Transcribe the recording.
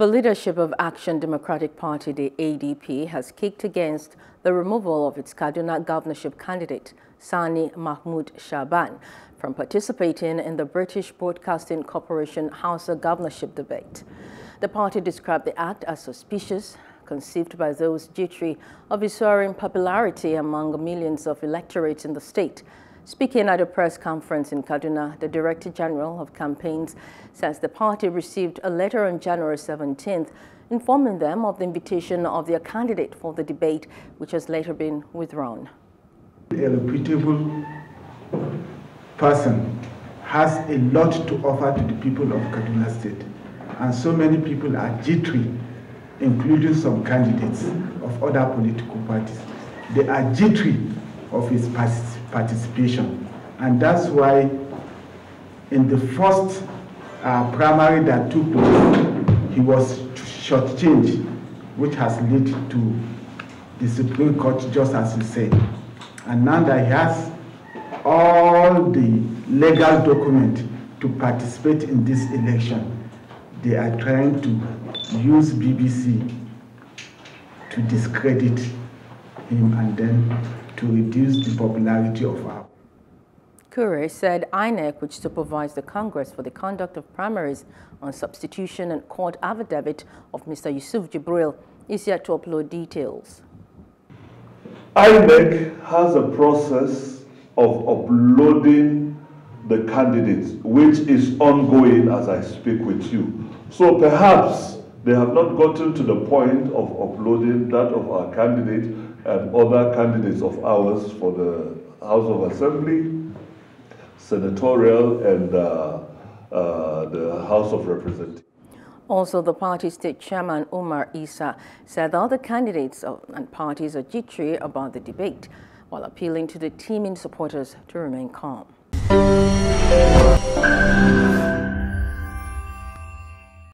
The leadership of Action Democratic Party, the ADP, has kicked against the removal of its Kaduna governorship candidate, Sani Mahmoud Shaban, from participating in the British Broadcasting Corporation Hausa governorship debate. The party described the act as suspicious, conceived by those jittery of his soaring popularity among millions of electorates in the state Speaking at a press conference in Kaduna, the Director General of Campaigns says the party received a letter on January 17th informing them of the invitation of their candidate for the debate, which has later been withdrawn. A reputable person has a lot to offer to the people of Kaduna State, and so many people are jittery, including some candidates of other political parties. They are jittery of his participation. And that's why in the first uh, primary that took place, he was shortchanged, which has led to the Supreme Court, just as you said. And now that he has all the legal document to participate in this election, they are trying to use BBC to discredit him and then to reduce the popularity of our. Kure said INEC, which supervised the Congress for the conduct of primaries on substitution and court affidavit of Mr. Yusuf Jibril, is yet to upload details. INEC has a process of uploading the candidates, which is ongoing as I speak with you. So perhaps they have not gotten to the point of uploading that of our candidate and other candidates of ours for the House of Assembly, Senatorial, and uh, uh, the House of Representatives. Also, the party state chairman Umar Isa said all the candidates and parties are jittery about the debate, while appealing to the teaming supporters to remain calm.